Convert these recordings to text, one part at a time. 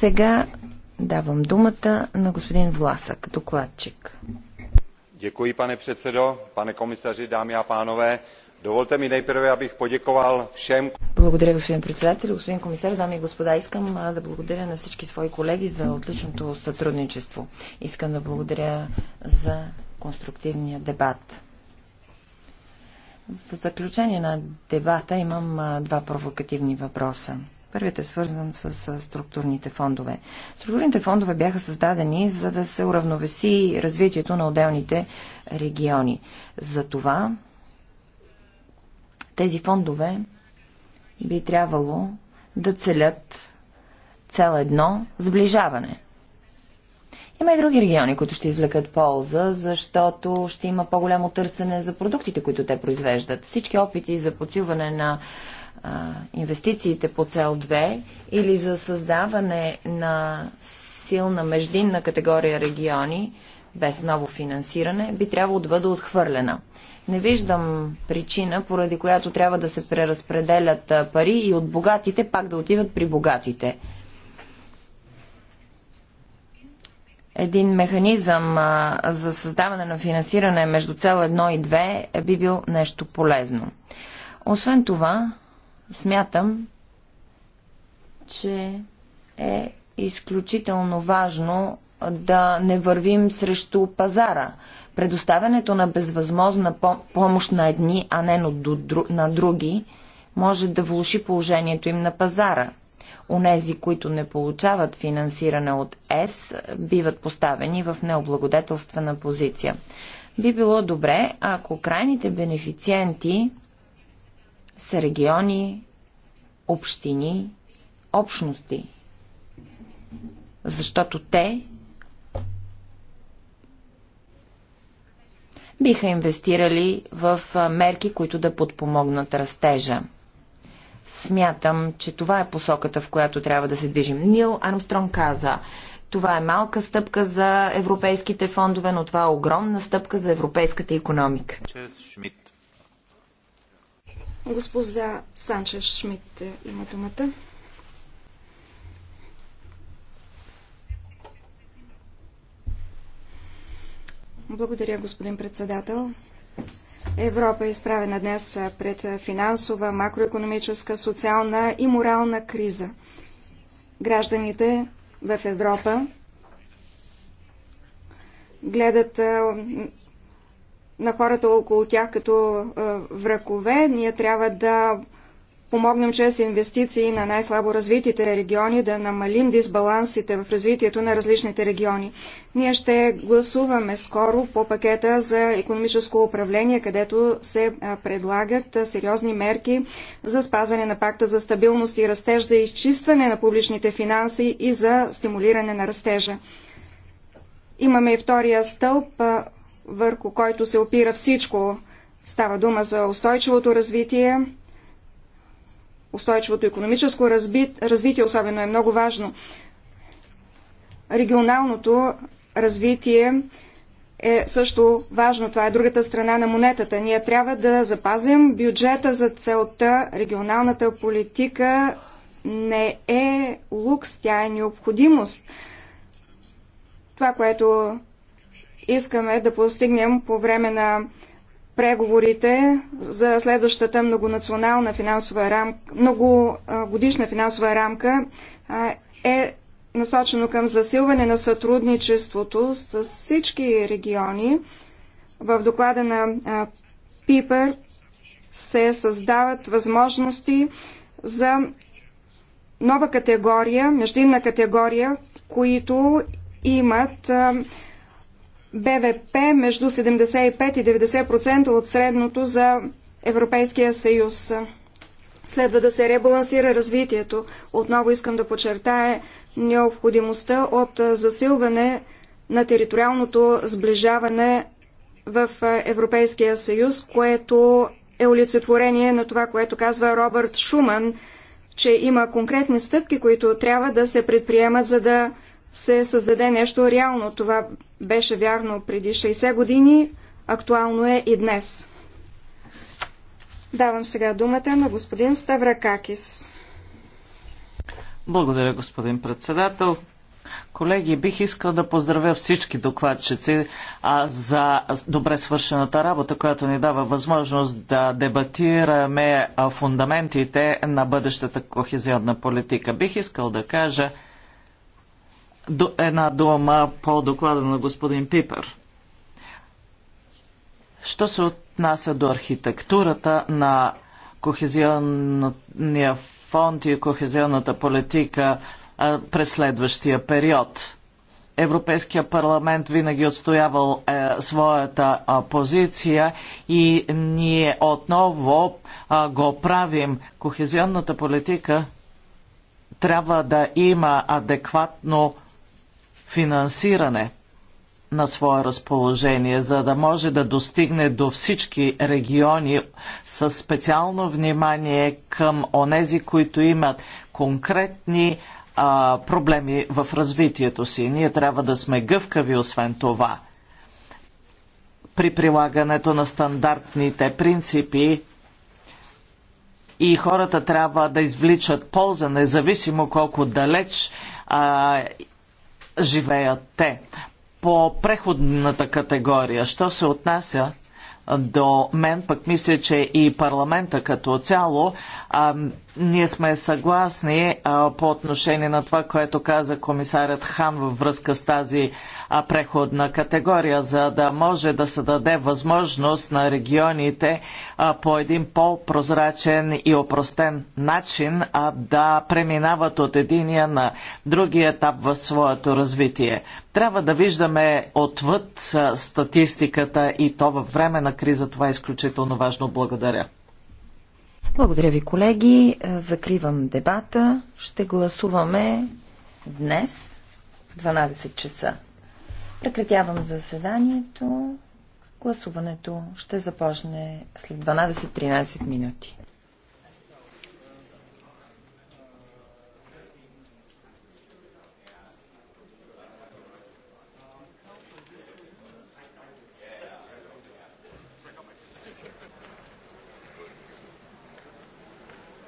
сега давам думата на господин Власък, докладчик. Děkuji, pane předsedo, pane komisaři, dámy a pánové. Dovolte mi nejprve, abych poděkoval všem. Благодаря, господин председател, господин комисар, дами и господа. Искам да благодаря на всички свои колеги за отличното сътрудничество. Искам да благодаря за конструктивния дебат. В заключение на дебата имам два провокативни въпроса. Първият е свързан с, структурните фондове. Структурните фондове бяха създадени за да се уравновеси развитието на отделните региони. Затова тези фондове би трябвало да целят цел едно сближаване – има и други региони, които ще извлекат полза, защото ще има по-голямо търсене за продуктите, които те произвеждат. Всички опити за подсилване на а, инвестициите по цел 2 или за създаване на силна междинна категория региони без ново финансиране би трябвало да бъде отхвърлена. Не виждам причина, поради която трябва да се преразпределят пари и от богатите пак да отиват при богатите. един механизъм а, за създаване на финансиране между цел 1 и 2 е би бил нещо полезно. Освен това, смятам, че е изключително важно да не вървим срещу пазара. Предоставянето на безвъзможна помощ на едни, а не на други, може да влуши положението им на пазара. Онези, които не получават финансиране от ЕС, биват поставени в необлагодетелствена позиция. Би било добре, ако крайните бенефициенти са региони, общини, общности, защото те биха инвестирали в мерки, които да подпомогнат растежа. Смятам, че това е посоката, в която трябва да се движим. Нил Армстронг каза, това е малка стъпка за европейските фондове, но това е огромна стъпка за европейската економика. Госпожа Санчес Шмидт е, има думата. Благодаря, господин председател. Европа е изправена днес пред финансова, макроекономическа, социална и морална криза. Гражданите в Европа гледат на хората около тях като врагове. Ние трябва да помогнем чрез инвестиции на най-слабо развитите региони, да намалим дисбалансите в развитието на различните региони. Ние ще гласуваме скоро по пакета за економическо управление, където се предлагат сериозни мерки за спазване на пакта за стабилност и растеж, за изчистване на публичните финанси и за стимулиране на растежа. Имаме и втория стълб, върху който се опира всичко. Става дума за устойчивото развитие, устойчивото економическо развитие особено е много важно. Регионалното развитие е също важно. Това е другата страна на монетата. Ние трябва да запазим бюджета за целта. Регионалната политика не е лукс, тя е необходимост. Това, което искаме да постигнем по време на преговорите за следващата многонационална финансова рамка, многогодишна финансова рамка е насочено към засилване на сътрудничеството с всички региони. В доклада на ПИПЕР се създават възможности за нова категория, междинна категория, които имат БВП между 75 и 90% от средното за Европейския съюз. Следва да се ребалансира развитието. Отново искам да подчертая необходимостта от засилване на териториалното сближаване в Европейския съюз, което е олицетворение на това, което казва Робърт Шуман, че има конкретни стъпки, които трябва да се предприемат, за да се създаде нещо реално. Това беше вярно преди 60 години, актуално е и днес. Давам сега думата на господин Ставракакис. Благодаря, господин председател. Колеги, бих искал да поздравя всички докладчици а, за добре свършената работа, която ни дава възможност да дебатираме фундаментите на бъдещата кохезионна политика. Бих искал да кажа, една дума по доклада на господин Пипер. Що се отнася до архитектурата на кохезионния фонд и кохезионната политика а, през следващия период? Европейския парламент винаги отстоявал е, своята а, позиция и ние отново а, го правим. Кохезионната политика трябва да има адекватно финансиране на свое разположение, за да може да достигне до всички региони с специално внимание към онези, които имат конкретни а, проблеми в развитието си. Ние трябва да сме гъвкави, освен това. При прилагането на стандартните принципи и хората трябва да извличат полза, независимо колко далеч а, живеят те. По преходната категория, що се отнася до мен, пък мисля, че и парламента като цяло, а, ние сме съгласни а, по отношение на това, което каза комисарят Хан във връзка с тази а, преходна категория, за да може да се даде възможност на регионите а, по един по-прозрачен и опростен начин а, да преминават от единия на другия етап в своето развитие. Трябва да виждаме отвъд а, статистиката и то във време на на криза. Това е изключително важно. Благодаря. Благодаря ви, колеги. Закривам дебата. Ще гласуваме днес в 12 часа. Прекратявам заседанието. Гласуването ще започне след 12-13 минути.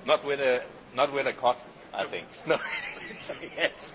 Not with a not with a cot, I think. No. yes.